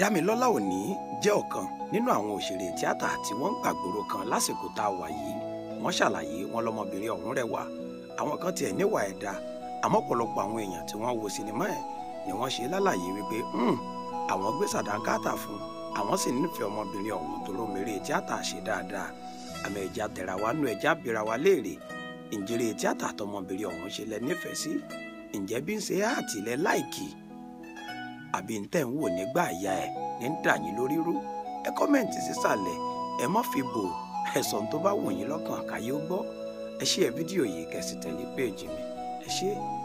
Dámilọ́lá Òní jẹ́ ọ̀kan nínú àwọn òṣèré tíátà tí wọ́n ń gbàgbóró kan lásìkò tá a wà yìí wọ́n ṣàlàyé wọn lọmọbìnrin ọ̀hún rẹwà àwọn kan tiẹ̀ níwà ẹ̀dá àmọ́ ọ̀pọ̀lọpọ̀ àwọn èèyàn tí wọ́n wo sinimá ẹ̀ ni wọ́n ṣe lálàyé wípé hmm, àwọn gbé sàdánkátà fún àwọn sì nífẹ̀ẹ́ ọmọbìnrin ọ̀hún tó ló mèrè tíátà ṣe dáadáa àmì ẹ̀já tẹ̀ra wa nú ẹ̀já àbí ntẹ́ ń wò nígbà àyà ẹ̀ ní ń dà yín lórí rú ẹ kọ́mẹ̀ǹtì sísàlẹ̀ ẹ má fi bò ẹ̀sọ̀ tó bá wù yín lọ́kàn àkàyé ó gbọ́ ẹ ṣe ẹ fídíò yìí kẹ́sì tẹ̀lé péèjì mi ẹ ṣe é.